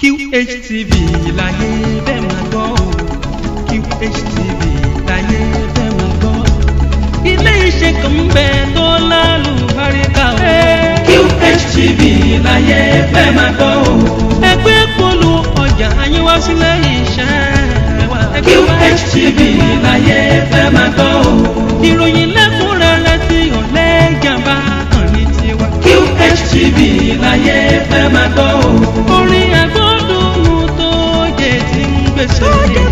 QHTV láyé bẹ́ẹ̀ máa gbọ́ QHTV láyé bẹ́ẹ̀ máa gbọ́. ilé iṣẹ́ kan bẹ tó lálùbáríkà o. QHTV láyé bẹ́ẹ̀ máa gbọ́ o. ẹgbẹ́ polu ọjà àyẹ̀wò sílẹ̀ iṣẹ́ QHTV láyé bẹ́ẹ̀ máa gbọ́ o. ìròyìn lẹ́kùnrẹ́rẹ́ tí ọ̀lẹ́ jàmbá kan ní tiwa. QHTV láyé bẹ́ẹ̀ máa gbọ́ orin fẹsẹ̀ yẹ.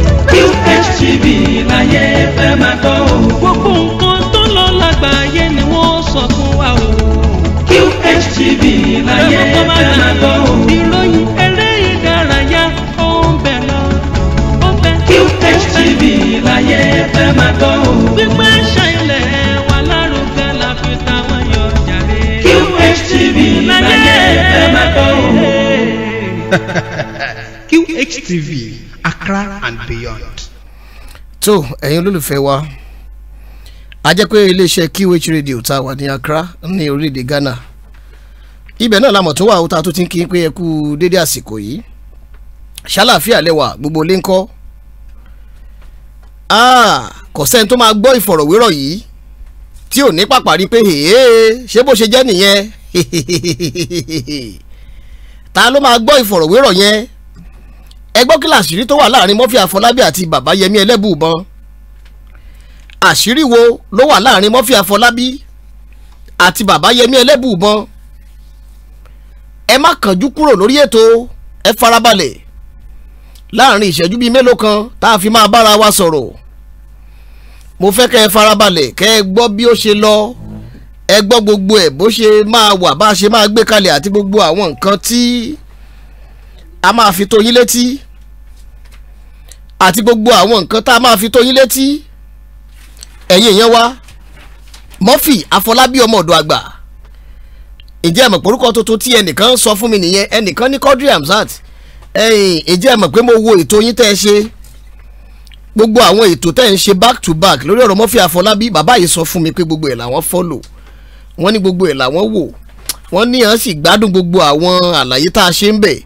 QHTV láyé fẹ́ máa gbọ́ o. gbogbo nǹkan tó lọ lágbàáyé ni wọ́n sọ fún wa o. QHTV láyé fẹ́ máa gbọ́ o. ìròyìn eré ìdárayá ó ń bẹ̀ lọ. QHTV láyé fẹ́ máa gbọ́ o. gbígbé ṣẹlẹ̀ wà lárugẹ la fi táwọn yọ jàre. QHTV láyé fẹ́ máa gbọ́ o. QHTV. Accra and beyond. tó ẹ̀yin olólùfẹ́ wa a jẹ́ pé iléeṣẹ́ QH radio tá a wà ní Accra ní orílẹ̀-èdè Ghana ibẹ̀ náà la mọ̀ tó wà ó ta tó ti ń kí pé ẹ kú dédé àsìkò yìí ṣàlàáfíà lẹ́wà gbogbo lè ń kọ́ ah, kò sẹ́ni tó máa gbọ́ ìfọ̀rọ̀wérọ̀ yìí tí ò ní pàpàrí pé ṣé bó ṣe jẹ́ nìyẹn ta ló máa gbọ́ ìfọ̀rọ̀wérọ̀ yẹn ẹ gbọ́ kí làṣírí tó wà láàrin Murphy Afọlábí àti bàbá Yẹmí Ẹlẹ́bùbọn àṣírí wo ló wà láàrin Murphy Afọlábí àti bàbá Yẹmí Ẹlẹ́bùbọn ẹ má kànjú kúrò lórí ètò ẹ farabalẹ̀ láàrin ìṣẹ́jú bíi mélòó kan tá a fi máa bára wa sọ̀rọ̀ mo fẹ́ kẹ́ ẹ farabalẹ̀ kẹ́ ẹ gbọ́ bí ó ṣe lọ ẹ gbọ́ gbogbo ẹ̀ bó ṣe máa wà bá a ṣe máa gbé kalẹ̀ àti gbogbo àwọn nǹkan tí a máa fi tó yín létí àti gbogbo àwọn nǹkan tá a máa fi tó yín létí ẹ̀yin èèyàn wa Murphy Afọlábí ọmọ ọ̀dọ̀ àgbà ìjẹ́ àmọ̀ pòrúkọ tuntun tí ẹnìkan sọ fún mi nìyẹn ẹnìkan ní Quadri Hamzat ẹ̀yin ìjẹ́ àmọ̀ pé mo wo ètò yín tẹ́ ẹ ṣe gbogbo àwọn ètò tẹ́ ẹ ṣe back to back lórí ọ̀rọ̀ Murphy Afọlábí bàbá yìí sọ fún mi pé gbogbo ẹ̀ làwọn follow wọ́n ní gbogbo ẹ̀ làwọn wò wọ́n ní à ń sì gbádùn gbogbo àwọn àlàyé tá a ṣe ń bẹ̀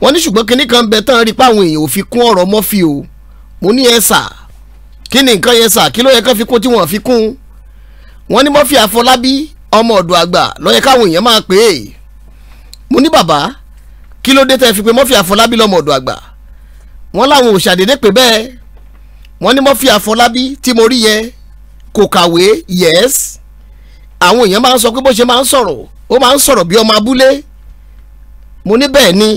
wọ́n ní ṣùgbọ́n kinní bẹ tán rí pa àwọn èèyàn ò fi kún ọ̀rọ̀ Murphy o mo ní ẹ sà kí ni nǹkan yẹn sà kí ló yẹ kán fi kún tí wọ́n fi kún wọ́n ní Murphy Afọlábí ọmọ ọ̀dọ̀ àgbà ló yẹ káwọn èèyàn máa pè é mo ní bàbá kí ló dé tẹ́ fi pé Murphy Afọlábí lọ́mọ ọ̀dọ̀ àgbà wọ́n láwọn ò ṣàdédé pé bẹ́ẹ̀ wọ́n ní Murphy Afọlábí tí mo rí yẹ kò kàwé yes àwọn èèyàn máa ń sọ pé bó ṣe máa ń sọ̀rọ̀ ó máa ń sọ̀rọ̀ bí ọmọ abúlé mo ní bẹ́ẹ̀ ni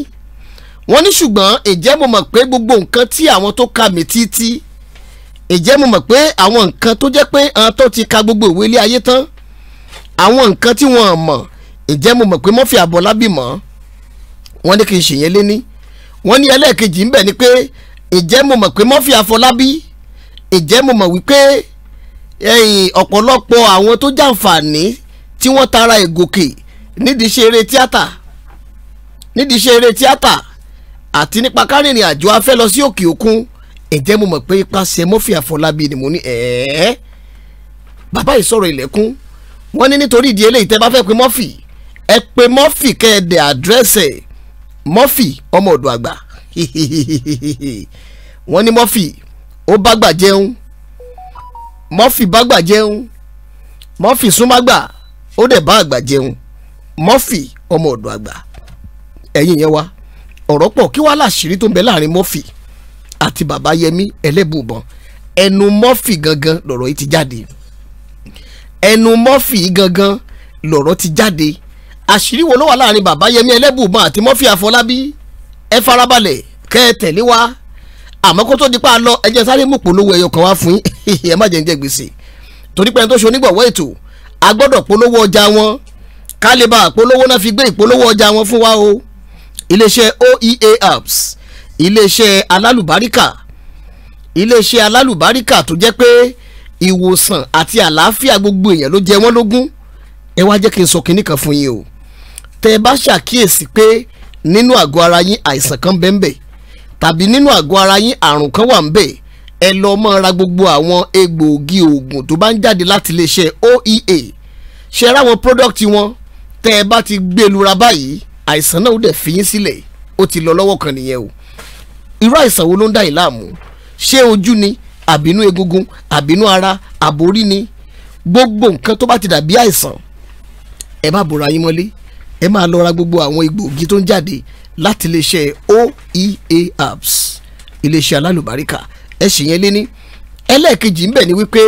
wọ́n ní ṣùgbọ́n ǹjẹ́ mo mọ̀ pé gbogbo nǹkan tí àwọn tó ka mi títí ǹjẹ́ mo mọ̀ pé àwọn nǹkan tó jẹ́ pé àwọn tó ti ka gbogbo ìwé ilé ayé tán àwọn nǹkan tí wọ́n mọ̀ ǹjẹ́ mo mọ̀ pé mọ́fì àbọ̀lábì mọ́ wọ́n ní kì í ṣèyẹn lé ní wọ́n ní ẹlẹ́ẹ̀kejì ń bẹ̀ ni pé ǹjẹ́ mo mọ̀ pé mọ́fì àfọlábí ǹjẹ́ mo mọ̀ wípé ọ̀pọ̀lọpọ̀ àwọn tó jàǹfààní tí wọ́n tara ìgòkè nídìí ṣe eré tíátà nídìí ṣe eré tíátà àti nípa kárìnrìn àjò afẹ́ lọ sí òkè òkun ǹjẹ́ mo mọ̀ pé ipasẹ̀ Murphy Àfọlábí ni mo ní ẹ̀ẹ́ bàbá yìí ilẹ̀kùn wọ́n ní nítorí ìdí eléyìí tẹ́ bá fẹ́ pe Murphy ẹ pe Murphy kẹ́ẹ̀dẹ̀ àdírẹ́sẹ̀ Murphy ọmọ ọ̀dọ̀ àgbà wọ́n ní Murphy ó bá gbà jẹun Murphy bá gbà jẹun Murphy súnmọ́ gbà ó dẹ̀ bá àgbà jẹun Murphy ọmọ ọ̀dọ̀ àgbà ẹ̀yìn yẹn wá ọ̀rọ̀ pọ̀ kí wàá láṣìírí tó ń bẹ láàrin Murphy àti bàbá Yẹmí ẹlẹ́bùbọn ẹnu Murphy gangan lọ̀rọ̀ yìí ti jáde ẹnu Murphy gangan lọ̀rọ̀ ti jáde àṣírí wo ló wà láàrin bàbá Yẹmí ẹlẹ́bùbọn àti Murphy Àfọlábí ẹ farabalẹ̀ kẹ́ ẹ tẹ̀lé wa àmọ́ kó tó di pa lọ ẹ jẹ́ sáré mú polówó ẹyọ kan wá fún yín ẹ má jẹ́ ń jẹ gbèsè torí pé ẹni tó ṣe onígbọ̀wọ́ ètò a polówó ọjà wọn ká polówó náà fi gbé ìpolówó ọjà wọn fún wa o iléeṣẹ́ oea apps iléeṣẹ́ alálùbáríkà iléeṣẹ́ alálùbáríkà tó jẹ́ pé ìwòsàn àti àlàáfíà gbogbo èèyàn ló jẹ wọ́n lógún ẹ wá jẹ́ kí n sọ kinní kan fún yín o tẹ́ ẹ bá ṣàkíyèsí pé nínú àgọ́ ara yín àìsàn kan bẹ́ẹ̀ bẹ́ẹ̀ tàbí nínú àgọ́ ara yín àrùn kan wà ń bẹ̀ ẹ lọ mọ́ ra gbogbo àwọn egbòogi oògùn tó bá ń jáde láti iléeṣẹ́ oea ṣe ra àwọn product wọn tẹ́ ẹ bá ti gbé lura báyìí àìsàn náà ó dẹ̀ fi yín sílẹ̀ ó ti lọ lọ́wọ́ kan nìyẹn o irú àìsàn wo ló ń dá yìí láàmú ṣé ojú ni àbínú egungun àbínú ara àbórí ni gbogbo nǹkan tó bá ti dàbí àìsàn ẹ má bora yín mọ́lé ẹ máa lọ ra gbogbo àwọn egbòogi tó ń jáde láti iléeṣẹ́ oea apps iléeṣẹ́ alálùbáríkà ẹ sì yẹn lé ní ẹlẹ́ẹ̀kejì ń bẹ̀ ni wípé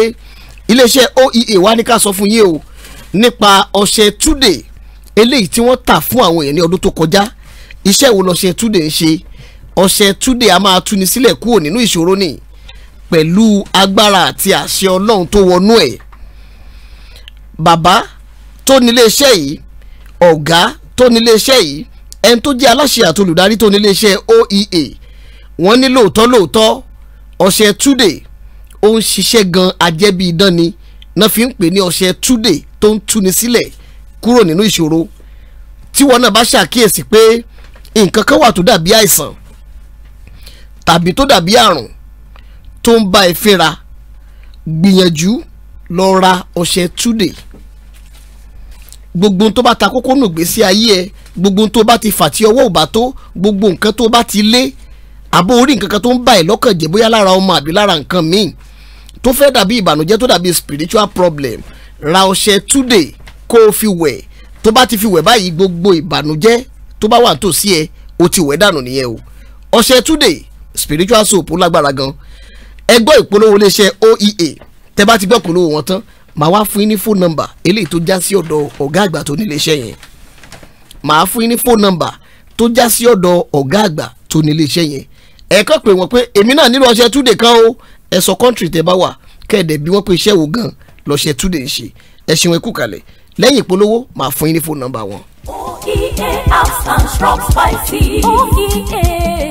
iléeṣẹ́ oea wá ní ká sọ fún yín o nípa ọṣẹ túdè eléyìí tí wọ́n tà fún àwọn èèyàn ní ọdún tó kọjá iṣẹ́ wo lọ́sẹ̀ túdè ń ṣe ọ̀sẹ̀ túdè a máa tuni sílẹ̀ kúrò nínú ìṣòro ni pẹ̀lú agbára àti àṣẹ ọlọ́run tó wọnú ẹ̀ bàbá tó níléeṣẹ́ yìí ọ̀gá tó níléeṣẹ́ yìí ẹni tó jẹ́ aláṣẹ àti olùdarí tó níléeṣẹ́ oea wọ́n ní lóòótọ́ lóòótọ́ ọ̀sẹ̀ túdè ó ń ṣiṣẹ́ gan ajẹ́bí idán ni náà fi ń pè ní ọ̀sẹ̀ túdè tó ń tuni sílẹ̀ kúrò nínú ìṣòro tí wọn náà bá ṣàkíyèsí pé nǹkan kan wà tó dàbí àìsàn tàbí tó dàbí àrùn tó ń bá ẹ fínra gbìyànjú lọ ra ọṣẹ túdè gbogbo tó bá ta kókó nù gbèsè ayé ẹ gbogbo tó bá ti fà tí ọwọ́ ò bá tó gbogbo nǹkan tó bá ti lé àbó orí nǹkan kan tó ń bà ẹ́ lọ́kàn jẹ́ bóyá lára ọmọ àbí lára nǹkan míì tó fẹ́ dàbí ìbànújẹ́ tó dàbí spiritual problem ra ọṣẹ túdè kó o fi wẹ̀ tó bá ti fi wẹ̀ báyìí gbogbo ìbànújẹ́ tó bá wà tòsí ẹ o ti wẹ̀ dànù nìyẹn o ọṣẹ túdè spiritual soap lágbára gan ẹ gbọ́ ìpolówó iléeṣẹ́ oea tẹ bá ti gbọ́ ìpolówó wọn tán màá wá fún yín ní fóònù nọ́mbà eléyìí tó já sí ọ̀dọ̀ ọ̀gá àgbà tó níléeṣẹ́ yẹn màá fún yín ní fóònù nọ́mbà tó já sí ọ̀dọ̀ ọ̀gá àgbà tó níléeṣẹ́ yẹn ẹ kàn pé wọ́n pé èmi náà nílò ọṣẹ túdè kan o ẹ country kọ́ńtì tẹ bá wà kẹ́ẹ̀dẹ̀ bí wọ́n pé iṣẹ́ wo gan lọ́ṣẹ túdè ń ṣe ẹ ṣeun ẹ kú kalẹ̀ lẹ́yìn ìpolówó màá fún yín ní fóònù nọ́mbà wọn oye and shrub spicy. oye oh,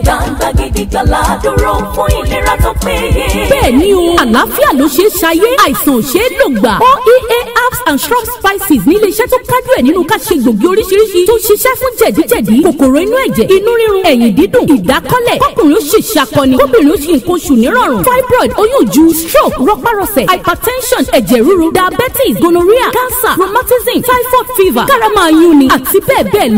gbangba gidi gbala dúró fún ìlera tó o àlàáfíà ló ṣe é ṣayé àìsàn ò ṣe é lò gbà. oea herbs and shrub spices ní iléeṣẹ́ tó kájú ẹ̀ nínú ká ṣe gbòógì oríṣiríṣi tó ṣiṣẹ́ fún jẹ̀díjẹ̀dí kòkòrò inú ẹ̀jẹ̀ inú rírun ẹ̀yìn dídùn ìdákọ́lẹ̀ kọkùnrin ó ṣe ṣàkọni kóbìnrin ó ṣe nǹkan oṣù nírọ̀rùn fibroid oyún ju stroke rọpárọsẹ̀ hypertension ẹ̀jẹ̀ ríru diabetes gonorrhea cancer rheumatism typhoid fever karama ayuni àti bẹ́ẹ̀ bẹ́ẹ̀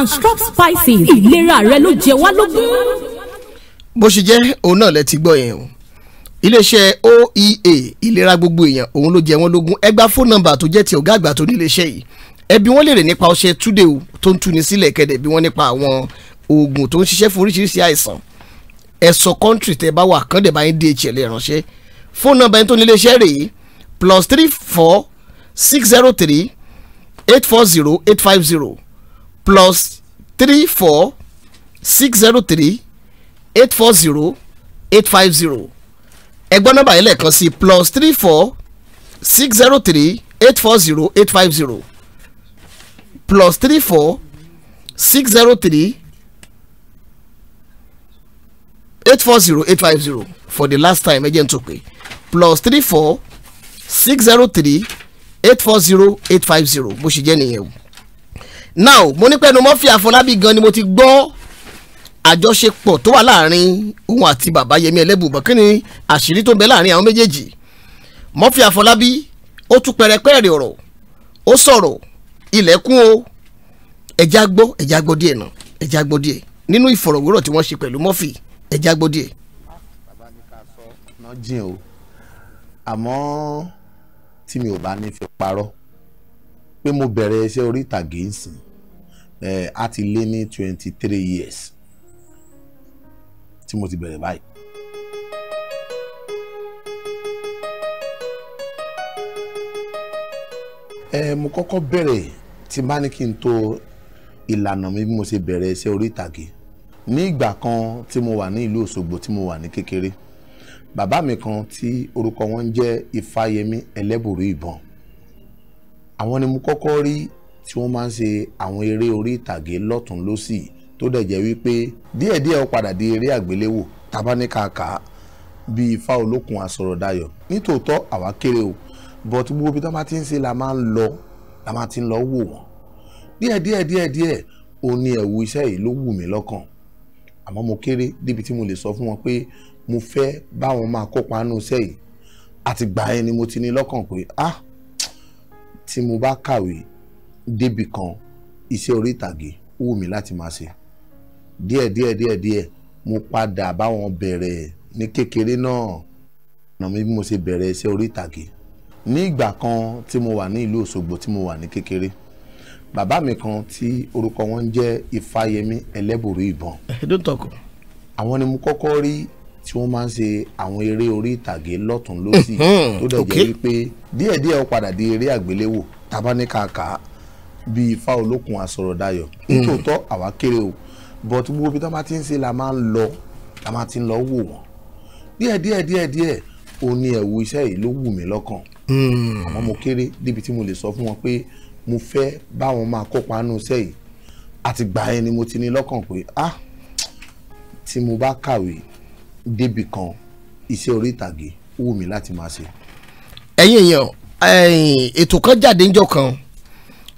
and strong spices ìlera rẹ ló jẹ wá lógún. bó ṣe jẹ́ òun náà lẹ ti gbọ́ yẹn o iléeṣẹ́ oea ìlera gbogbo èèyàn òun ló jẹ wọ́n lógún ẹ gba fóònù nọ́mbà tó jẹ́ ti ọ̀gá àgbà tó níléeṣẹ́ yìí ẹbí wọ́n lè rè nípa ọṣẹ túdé o tó ń tuni sílẹ̀ kẹdẹ bí wọ́n nípa àwọn oògùn tó ń ṣiṣẹ́ fún oríṣiríṣi àìsàn ẹ̀sọ́ kọ́ńtì tẹ́ bá wà kán dẹ̀ bá yín dhl ránṣẹ́ fóònù nọ́mbà yín tó níléeṣẹ́ rèé plus three four six zero three eight four zero eight five zero plus three four six zero three eight four zero eight five zero ẹgbọ́n nọ́mbà yìí lẹ́ẹ̀kan sí plus three four six zero three eight four zero eight five zero plus three four six zero three eight four zero eight five zero for the last time ẹ jẹ́ n tó pé plus three four six zero three eight four zero eight five zero bó ṣe jẹ́ nìyẹn o now mo ní pẹ́ẹ́nu mọ́fì àfọlábí gan ni mo ti gbọ́ àjọṣepọ̀ tó wà láàrin òun àti bàbá yẹmi ẹlẹ́bùbọ̀n kí ni àṣírí tó ń bẹ láàrin àwọn méjèèjì mọ́fì àfọlábí ó tún pẹ̀rẹ̀pẹ̀rẹ̀ ọ̀rọ̀ ó sọ̀rọ̀ ilẹ̀kùn o ẹ̀já gbọ́ ẹ̀já gbọ́ díẹ̀ nà ẹ̀já gbọ́ díẹ̀ nínú ìfọ̀rọ̀wérọ̀ tí wọ́n ṣe pẹ̀lú mọ́fì ẹ̀já gbọ́ díẹ̀. bàbá mi ká sọ náà jìn o àmọ́ tí mi ò bá ní fi parọ́ pé mo bẹ̀rẹ̀ iṣẹ́ orí ìtàgé ìsìn a ti lé ní twenty three years tí mo ti bẹ̀rẹ̀ báyìí. ẹ mo kọ́kọ́ bẹ̀rẹ̀ tí bá ní kí n tó ìlànà mi bí mo ṣe bẹ̀rẹ̀ iṣẹ́ orí ìtàgé ní ìgbà kan tí mo wà ní ìlú Òṣogbo tí mo wà ní kékeré bàbá mi kan tí orúkọ wọn ń jẹ́ Ifáyẹmí Ẹlẹ́bùrú Ìbọn àwọn ni mo kọ́kọ́ rí tí wọ́n máa ń ṣe àwọn eré orí ìtàgé lọ́tún lọ́sì tó dẹ̀ jẹ́ wípé díẹ̀díẹ̀ ó padà di eré àgbéléwò tabaníkàkà bíi ifá olókun àsọ̀rọ̀dayọ̀ nítòótọ́ àwa kéré o but gbogbo bí tá bá ti ń ṣe la máa ń lọ la máa ti ń lọ wò wọ́n díẹ̀díẹ̀ díẹ̀díẹ̀ ó ní ẹ̀wù iṣẹ́ yìí ló wù mí lọ́kàn àmọ́ mo kéré débi tí mo lè sọ fún wọn pé mo fẹ́ báwọn máa kópa nínú iṣẹ́ yìí àtìgbà yẹn ni mo ti ní lọ́kàn pé ah tí mo bá kàwé débì kan iṣẹ́ orí ìtàgé ó wù mí láti máa ṣe díẹ̀ díẹ̀ díẹ̀ díẹ̀ mo padà báwọn bẹ̀rẹ̀ ní kékeré náà ọ̀nà mi bí mo ṣe bẹ̀rẹ̀ iṣẹ́ orí ìtàgé ní ìgbà kan tí mo wà ní ìlú Òṣogbo tí mo wà ní kékeré bàbá mi kan tí orúkọ wọn jẹ́ Ifáyẹmí Ẹlẹ́bùrú Ìbọn. àwọn ni mo kọ́kọ́ rí tí wọ́n máa ń ṣe àwọn eré orí ìtàgé lọ́tún lọ́sì mhm, tó dẹ̀ jẹ́ wípé díẹ̀díẹ̀ ó padà di eré àgbéléwò tabaníkàkà bíi ifá olókun àsọ̀rọ̀dayọ̀ nítòótọ́ mhm. àwa kéré o but gbogbo ibi tá a máa ti ń ṣe la máa ń lọ la máa ti ń lọ wò wọ́n díẹ̀díẹ̀díẹ̀díẹ̀ ó ní ẹ̀wù iṣẹ́ yìí ló wù mí lọ́kàn hmm. àmọ́ mo kéré débi tí mo lè sọ fún wọn pé mo fẹ́ báwọn máa kópa nínú iṣẹ́ yìí àtìgbà yẹn ni mo ti ní lọ́kàn pé ah tí mo bá kàwé débì kan iṣẹ́ orí ìtàgé wù mí láti máa ṣe. ẹ̀yin èèyàn ètò kan jáde ńjọ́ kan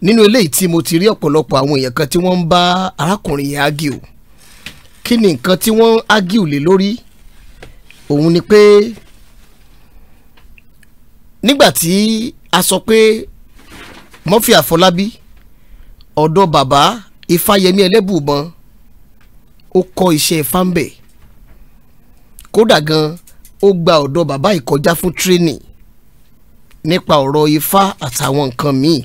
nínú eléyìí tí mo ti rí ọ̀pọ̀lọpọ̀ àwọn èèyàn kan tí wọ́n ń bá arákùnrin yẹn ágìl kí ni nǹkan tí wọ́n ágìl lé lórí òun ni pé nígbà tí a sọ pé Murphy Àfọlábí ọ̀dọ̀ bàbá Ifáyẹmí ẹlẹ́bùbọn ó kọ́ iṣẹ́ fáńbẹ̀ẹ́ kódà gan ó gba ọ̀dọ̀ bàbá ìkọjá fún tírénì nípa ọ̀rọ̀ ifá àtàwọn nǹkan míì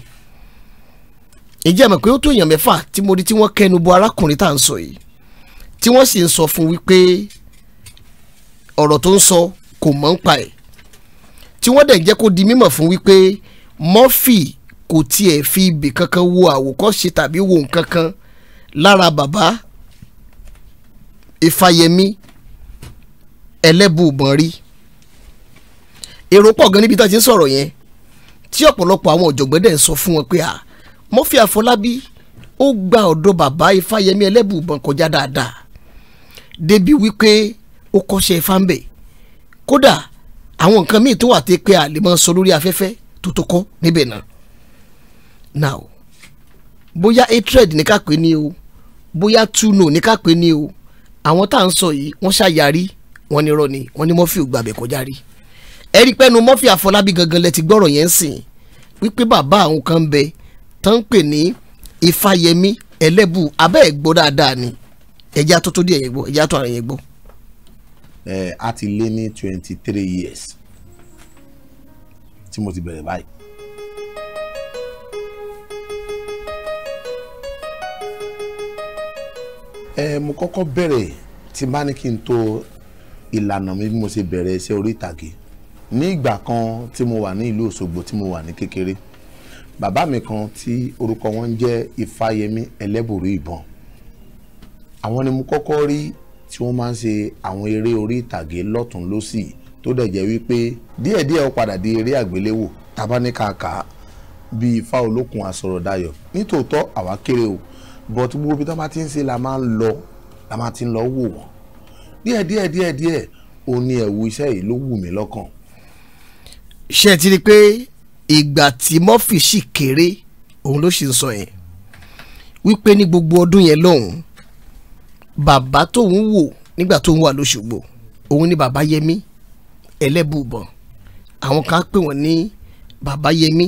ìjẹ́ mọ̀ pé ó tó èèyàn mẹ́fà tí mo rí tí wọ́n kẹnu bo arákùnrin tá à ń sọ yìí tí wọ́n sì ń sọ fún wípé ọ̀rọ̀ tó ń sọ kò mọ̀ ń pa ẹ̀ tí wọ́n dẹ̀ jẹ́ kó di mímọ̀ fún wípé Murphy kò tiẹ̀ fi ibì kankan wo àwòkọ́ṣe tàbí wo nǹkan kan lára bàbá Ifáyẹmí ẹlẹ́bùbọn rí èrò pọ̀ gan níbi tá a ti ń sọ̀rọ̀ yẹn tí ọ̀pọ̀lọpọ̀ àwọn ọ̀jọ̀gbọ́n dẹ̀ ń sọ fún wọn pé à Murphy Àfọlábí ó gba ọ̀dọ̀ bàbá Ifáyẹmí ẹlẹ́bùbọn kọjá dáadáa débi wípé ó kọ́ṣẹ́ ifá ń bẹ̀ kódà àwọn nǹkan míì tó wà tẹ́ pé a lè máa sọ lórí afẹ́fẹ́ tó tó kọ́ níbẹ̀ náà now bóyá hatred ní ká pè ní o bóyá two ní ká pè ní o àwọn tá à ń sọ yìí wọ́n ṣàyàrí wọ́n ní rọ́ni wọ́n ní Murphy gbàbẹ̀ kọjá rí ẹ̀rí pẹ́nu Murphy Àfọlábí gangan lẹ ti gbọ́rọ̀ yẹn sìn wípé bàbá àwọn kan bẹ tó ń pè ní Ifáyẹmí Ẹlẹ́bù abẹ́ ẹ̀ dáadáa ni ẹ̀já tó tó díẹ̀ yẹn gbọ́ ẹ̀já tó àrùn yẹn gbọ́. ẹ a ti lé ní twenty three years tí mo ti bẹ̀rẹ̀ báyìí. ẹ mo kọ́kọ́ bẹ̀rẹ̀ tí bá ní kí n tó ìlànà mi bí mo ṣe bẹ̀rẹ̀ iṣẹ́ orí ìtàgé ní ìgbà kan tí mo wà ní ìlú Òṣogbo tí mo wà ní kékeré bàbá mi kan tí orúkọ wọn ń jẹ́ Ifáyẹmí Ẹlẹ́bùrú Ìbọn àwọn ni mo kọ́kọ́ rí tí wọ́n máa ń ṣe àwọn eré orí ìtàgé lọ́tún lọ́sì tó dẹ̀ jẹ́ wípé díẹ̀díẹ̀ ó padà di eré àgbéléwò tabaníkàkà bíi Ifá Olókun Asọ̀rọ̀dayọ̀ nítòótọ́ àwa kéré o but gbogbo ibi tí wọ́n bá ti ń ṣe la máa ń lọ la máa ti ń lọ wò wọ́n díẹ̀ díẹ̀ díẹ̀ díẹ̀ ó ní ẹ̀wù iṣẹ́ yìí ló wù mí lọ́kàn. ṣé ẹ ti rí i pé ìgbà tí Murphy sì kéré òun ló sì ń sọ yẹn wípé ní gbogbo ọdún yẹn lọ́hùn bàbá tóun wò nígbà tóun wà lóṣogbo òun ni bàbá yẹmí ẹlẹ́bùbọ̀n àwọn kan pè wọ́n ní bàbá yẹmí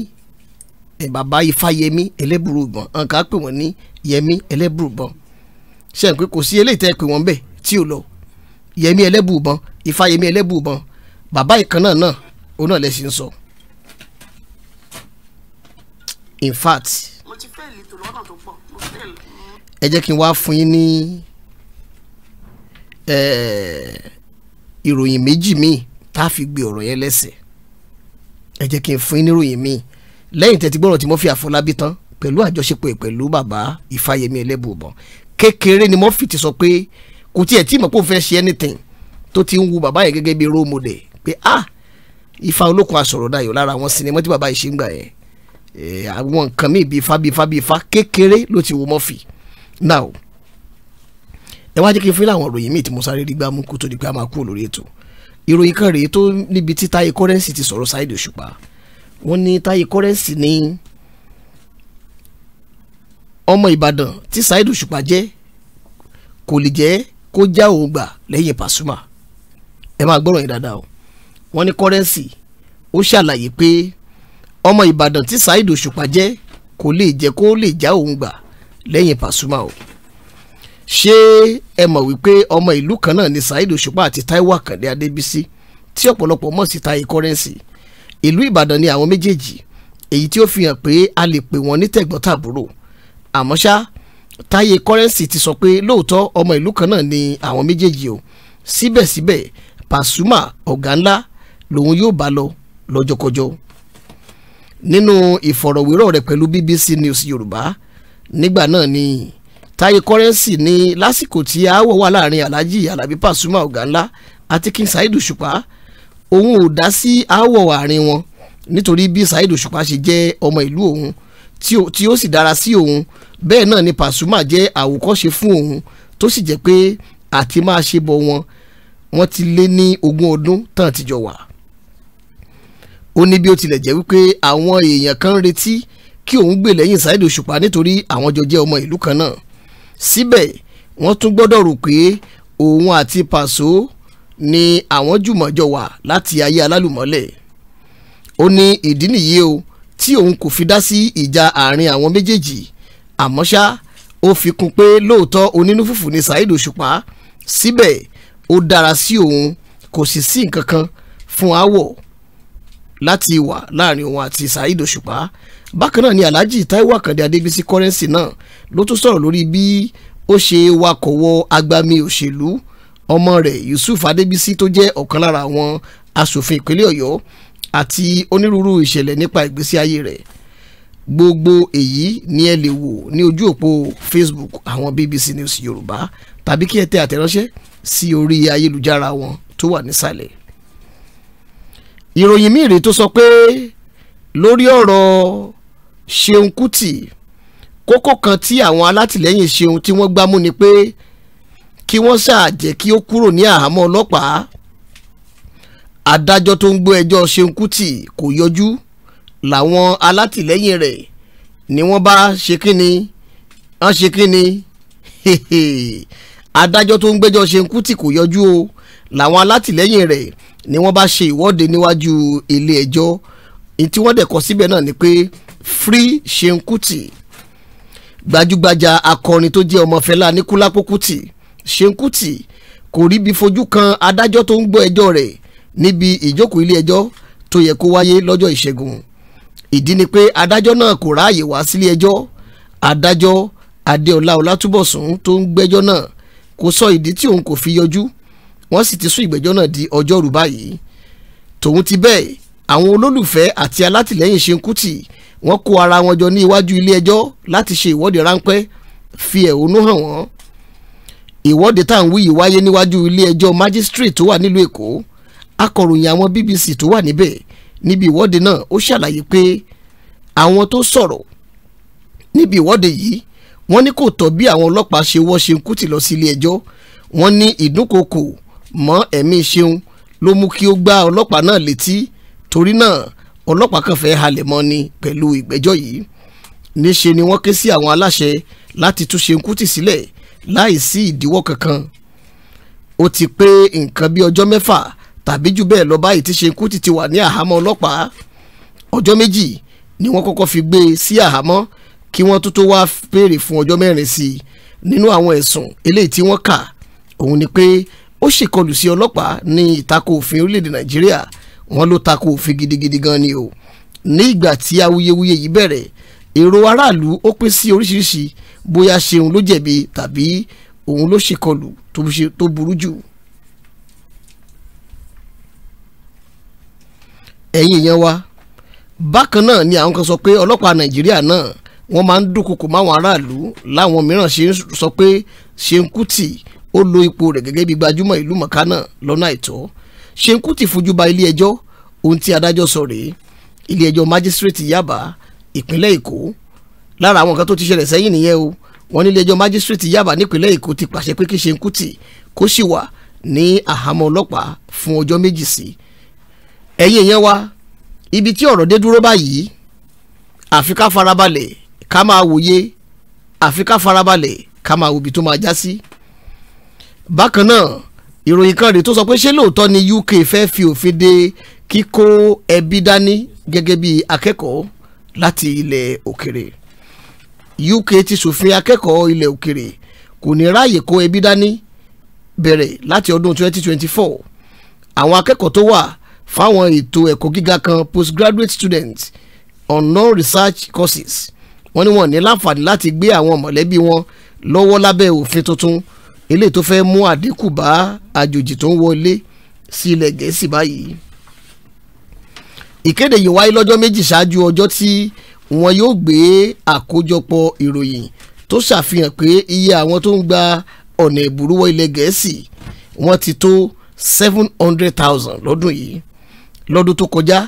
bàbá ifáyẹmí ẹlẹ́bùrùbọ̀n àwọn kan pè wọ́n ní yẹmí ẹlẹ́bùrùbọ̀n ṣe é pé kò sí eléyìí tẹ́ ẹ pè wọ́n bẹ́ẹ̀ tí ò lọ yẹmi ẹlẹ́bùbọn ifáyẹmi ẹlẹ́bùbọn bàbá ìkan náà náà òun náà lẹ sì ń sọ. in fact ẹ jẹ́ kí n wá fún yín ní ìròyìn méjì míì tá a fi gbé ọ̀rọ̀ yẹn lẹ́sẹ̀ ẹ jẹ́ kí n fún yín ní ìròyìn míì lẹ́yìn tẹ́tí gbọ́rọ̀ tí mo fi àfọlábí tán pẹ̀lú àjọṣepọ̀ pẹ̀lú bàbá ìfáyẹmí ẹlẹ́bùbọn kékeré ni mo fi ti sọ pé kò tiẹ̀ tí mọ̀ pé òun fẹ́ ṣe anything tó ti ń wu bàbá yẹn gẹ́gẹ́ bí role model pé ah Ifá Olókun Asọ̀rọ̀dayọ̀ lára àwọn sinimá tí bàbá yìí ṣe ń gbà yẹn eh, àwọn nǹkan míì bíi Ifá bíi Ifá bíi Ifá kékeré ló ti wo Murphy now ẹ wá jẹ́ kí n fi láwọn ìròyìn míì tí mo sáré rí gbá mú kó tó di pé a máa kúrò lórí ètò ìròyìn kan rèé tó níbi tí Táyé Currency ti sọ̀rọ̀ Saheed Òṣùpá wọ́n ní Táyé Currency ní ọmọ Ìbàdàn tí Saheed Òṣùpá jẹ́ kò lè jẹ́ kó já òun gbà lẹ́yìn Pasuma ẹ máa gbọ́rọ̀ yín dáadáa o wọ́n ní Currency ó ṣàlàyé pé ọmọ Ìbàdàn tí Saheed Òṣùpá jẹ́ kò lè jẹ́ kó lè já òun gbà lẹ́yìn Pasuma o ṣé ẹ mọ̀ wípé ọmọ ìlú kan náà ni Saheed Òṣùpá àti Taiwo Àkàndé Adébísí tí ọ̀pọ̀lọpọ̀ mọ̀ sí Taye Currency ìlú Ìbàdàn ni àwọn méjèèjì èyí tí ó fi hàn pé a lè pè wọ́n ní tẹ̀gbọ́n àmọ́ ṣá táyé kọ́rẹ́nsì ti sọ pé lóòótọ́ ọmọ ìlú kan náà ni àwọn méjèèjì o síbẹ̀síbẹ̀ Pasuma ọ̀gá ńlá lòun yóò bá lọ lọ́jọ́kọjọ́ nínú ìfọ̀rọ̀wérọ̀ rẹ̀ pẹ̀lú BBC News Yorùbá nígbà náà ni táyé kọ́rẹ́nsì ní lásìkò tí aáwọ̀ wà láàrin Alhaji Alabi Pasuma ọ̀gá ńlá àti King Saheed Òṣùpá òun ò dá sí aáwọ̀ àárín wọn nítorí bí Saheed Òṣùpá ṣe jẹ́ ọmọ ìlú òun tí ó sì dára sí òun bẹ́ẹ̀ náà ni Pasuma jẹ́ àwòkọ́ṣe fún òun tó sì jẹ́ pé àti máa ṣe bọ̀ wọn wọ́n ti lé ní ogún ọdún tán ti jọ wà. ó ní bí ó tilẹ̀ jẹ́ wípé àwọn èèyàn kan retí kí òun gbè lẹ́yìn Saheed Òṣùpá nítorí àwọn jọ jẹ́ ọmọ ìlú kan náà síbẹ̀ wọ́n tún gbọ́dọ̀ rò pé òun àti Paso ni àwọn jùmọ̀ jọ wà láti ayé alálùmọ́lẹ̀ ó ní ìdí nìyí o tí òun kò fi dá sí ìjà àárín àwọn méjèèjì àmọ́ ṣá ó fi kún pé lóòótọ́ onínú fùfù ni Saheed Òṣùpá síbẹ̀ ó dára sí òun kò sì sí nǹkan kan fún aáwọ̀ láti wà láàrin òun àti Saheed Òṣùpá bákan náà ni Alhaji Taiwo Akande Adébísí Currency náà ló tún sọ̀rọ̀ lórí bí ó ṣe wakọ̀ wọ agbami òṣèlú ọmọ rẹ̀ Yusuf Adébísí tó jẹ́ ọ̀kan lára àwọn asòfin ìpínlẹ̀ Ọ̀yọ́ àti onírúurú ìṣẹ̀lẹ̀ nípa ìgbésí ayé rẹ̀ gbogbo èyí ni ẹ lè wò ní ojú òpó Facebook àwọn BBC News Yorùbá tàbí kí ẹ tẹ àtẹ̀ránṣẹ́ sí orí ayélujára wọn tó wà nísàlẹ̀. ìròyìn míì rèé tó sọ pé lórí ọ̀rọ̀ Ṣeun Kútì kókó kan tí àwọn alátìlẹ́yìn Ṣeun tí wọ́n gbámú ni pé kí wọ́n ṣáà kí ó kúrò ní àhámọ́ ọlọ́pàá adájọ́ tó ń gbọ́ ẹjọ́ Ṣeun Kútì kò yọjú làwọn alátìlẹ́yìn rẹ̀ ni wọ́n bá ṣe kíni wọ́n ṣe kíni adájọ́ tó ń gbẹ́jọ́ ṣe ń kú tí kò yọjú o làwọn alátìlẹ́yìn rẹ̀ ni wọ́n bá ṣe ìwọ́de níwájú ilé ẹjọ́ tí wọ́n dẹ̀ kọ síbẹ̀ náà ni pé free Ṣeun Kútì gbajúgbajà akọrin tó jẹ́ ọmọ Fẹlá Aníkúlápó Kútì Ṣeun Kútì kò ríbi fojú kan adájọ́ tó ń gbọ́ ẹjọ́ rẹ̀ níbi ìjókòó ilé ẹjọ́ tó yẹ kó wáyé lọ́jọ́ ìṣẹ́gun ìdí ni pé adájọ́ náà kò ráàyè wá sílé ẹjọ́ adájọ́ adéọlá ọlátúbọ̀sún tó ń gbẹ́jọ́ náà kò sọ ìdí tí òun kò fi yọjú wọ́n sì ti sún ìgbẹ́jọ́ náà di ọjọ́rú báyìí tòun ti bẹ́ẹ̀ àwọn olólùfẹ́ àti alátìlẹ́yìn Ṣeun Kútì wọ́n kó ara wọn jọ ní iwájú ilé ẹjọ́ láti ṣe ìwọ́de ráńpẹ́ fi ẹ̀hónú hàn wọ́n ìwọ́de tá à wáyé níwájú ilé ẹjọ́ májísírì tó wà nílùú Èkó akọ̀ròyìn àwọn BBC tó wà níbẹ̀ níbi ìwọ́de náà ó ṣàlàyé pé àwọn tó sọ̀rọ̀ níbi ìwọ́de yìí wọ́n ní kò tọ́ bí àwọn ọlọ́pàá ṣe wọ́ Ṣeun Kútì lọ sí ilé ẹjọ́ wọ́n ní ìdúnkokò mọ́ ẹ̀mí Ṣeun ló mú kí ó gbá ọlọ́pàá náà létí torí náà ọlọ́pàá kan fẹ́ halẹ̀ mọ́ ni pẹ̀lú ìgbẹ́jọ́ yìí níṣe ni wọ́n ké sí àwọn aláṣẹ láti tú Ṣeun Kútì sílẹ̀ láì sí ìdíwọ́ kankan ó ti pé nǹkan bí ọjọ́ mẹ́fà tàbí jù bẹ́ẹ̀ lọ báyìí tí Ṣenkútì ti wà ní àhámọ́ ọlọ́pàá ọjọ́ méjì ni wọ́n kọ́kọ́ fi gbé e sí àhámọ́ kí wọ́n tó tó wá béèrè fún ọjọ́ mẹ́rin sí i nínú àwọn ẹ̀sùn eléyìí tí wọ́n kà òun ni pé ó ṣèkọlù sí ọlọ́pàá ní ìtakò òfin orílẹ̀-èdè Nàìjíríà wọ́n ló takò òfin gidigidi gan ni o ní ìgbà tí awuyewuye yìí bẹ̀rẹ̀ èrò aráàlú ó pín sí oríṣiríṣi bóyá ṣeun ló jẹ̀bi tàbí òun ló ṣèkọlù tó burú jù ẹ̀yin yẹn wá bákan náà ni àwọn kan sọ pé ọlọ́pàá nàìjíríà náà wọ́n máa ń dúnkokò máwọn aráàlú láwọn mìíràn ṣe ń sọ pé Ṣeun Kútì ó lo ipò rẹ̀ gẹ́gẹ́ bí gbajúmọ̀ ìlú mọ̀ká náà lọ́nà àìtọ́ Ṣeun fojú ba ilé ẹjọ́ ohun tí adájọ́ sọ rèé ilé ẹjọ́ májísírèètì Yaba ìpínlẹ̀ Èkó lára àwọn kan tó ti ṣẹlẹ̀ sẹ́yìn nìyẹn o wọ́n ní ilé ẹjọ́ májísírèètì Yaba nípínlẹ̀ Èkó ti pàṣẹ pé kí Ṣeun Kútì kó sì wà ní àhámọ́ ọlọ́pàá fún ọjọ́ méjì sí ẹ̀yin èèyàn wa ibi tí ọ̀rọ̀ dé dúró báyìí àfi ká farabalẹ̀ ká máa wòye àfi ká farabalẹ̀ ká máa wòbi tó máa já sí. bákan náà ìròyìn kan rèé tó sọ pé ṣé lóòótọ́ ni UK fẹ́ fi òfin de kíkó ẹbí dání gẹ́gẹ́ bí akẹ́kọ̀ọ́ láti ilẹ̀ òkèrè UK ti ṣòfin akẹ́kọ̀ọ́ ilẹ̀ òkèrè kò ní ráàyè kó ẹbí dání bẹ̀rẹ̀ láti ọdún 2024 àwọn akẹ́kọ̀ọ́ tó wà fáwọn ètò ẹ̀kọ́ gíga kan postgraduate students on non-research courses wọ́n ní wọ́n ní láǹfààní láti gbé àwọn mọ̀lẹ́bí wọn lọ́wọ́ lábẹ́ òfin tuntun eléyìí tó fẹ́ mú àdínkù bá àjòjì tó ń wọlé sí ilẹ̀ gẹ̀ẹ́sì báyìí. ìkéde yìí wáyé lọ́jọ́ méjì ṣáájú ọjọ́ tí wọn yóò gbé àkójọpọ̀ ìròyìn tó ṣàfihàn pé iye àwọn tó ń gba ọ̀nà ìbúrú ilẹ̀ gẹ̀ẹ́sì wọ́n ti tó seven hundred thousand lọ́dún yìí lọ́dún tó kọjá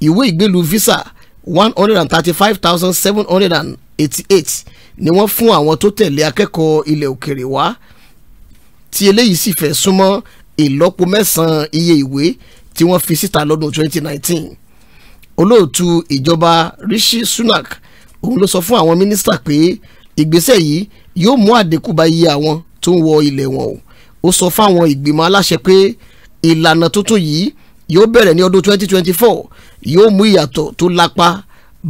ìwé ìgbélùú visa one hundred and thirty-five thousand seven hundred and eighty-eight ni wọ́n fún àwọn tó tẹ̀lé akẹ́kọ̀ọ́ ilẹ̀ òkèrè wá tí eléyìí sì fẹ́ súnmọ́ ìlọ́po mẹ́sàn-án iye ìwé tí wọ́n fi síta lọ́dún twenty nineteen olóòtú ìjọba Rishi Sunak òun ló sọ fún àwọn mínísítà pé ìgbésẹ̀ yìí yóò mú àdínkù bá iye àwọn tó ń wọ ilẹ̀ wọn o ó sọ fáwọn ìgbìmọ̀ aláṣẹ pé ìlànà tuntun yìí yóò bẹ̀rẹ̀ ní ọdún 2024 yóò mú ìyàtọ̀ tó lápá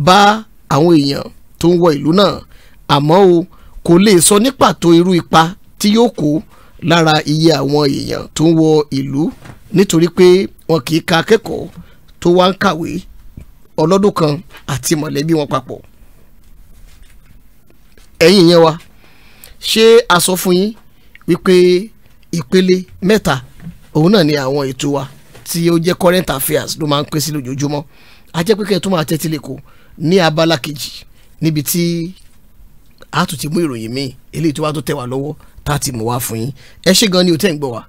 bá àwọn èèyàn tó ń wọ ìlú náà àmọ́ o kò lè sọ ní pàtó irú ipa tí yóò kó lára iye àwọn èèyàn tó ń wọ ìlú nítorí pé wọn kì í ka akẹ́kọ̀ọ́ tó wá ń kàwé ọlọ́dún kan àti mọ̀lẹ́bí wọn papọ̀ ẹ̀yin yẹn wa ṣé a sọ fún yín wípé ìpele mẹ́ta òun náà ni àwọn ètò wa tí ó jẹ́ current affairs ló máa ń pèsè lójoojúmọ́ a tó máa tẹ́tí lẹ́kọ̀ọ́ ní abala kejì níbi tí a tún ti mú ìròyìn míì eléyìí tó bá tó tẹ̀ wá lọ́wọ́ tá a ti mú wá fún yín ẹ ṣé gan ni o tẹ́ ń gbọ́ wa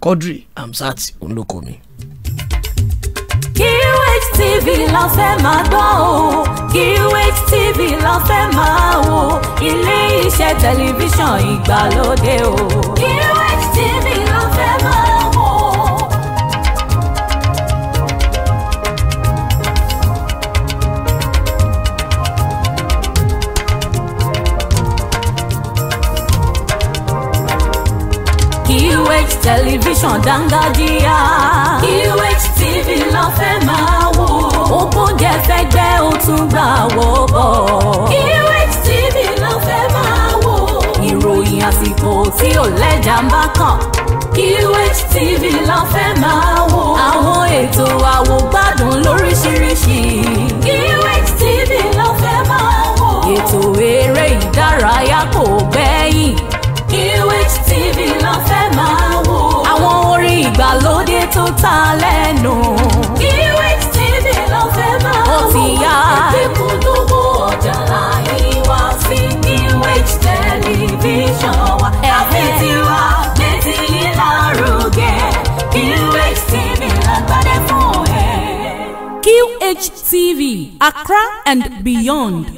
Quadri Hamzat òun mi. QH TV la fẹ́ máa gbọ́ o QH TV la fẹ́ máa wo ilé iṣẹ́ tẹlifíṣàn ìgbàlódé o. QH Television tẹlifíṣàn dáńgájíá. QHTV ló fẹ́ máa wò. ògbóǹgẹ̀ fẹ́gbẹ́ ó tún gbà wọ́ bọ̀. QHTV ló fẹ́ máa wò. ìròyìn àsìkò tí ò lẹ́jà ń bá kàn. QHTV ló fẹ́ máa wò. àwọn ètò àwògbádùn lóríṣiríṣi ìgbàlódé tó ta lẹ́nu. QH TV ló fẹ́ máa wò ó ti yá. ìpínkùdùnkù ọjà láyé wá sí QH tẹlifíṣàn wa. àfi tiwa méjì yìí lárugẹ QH TV lágbádẹ fún ẹ. QH Accra and beyond.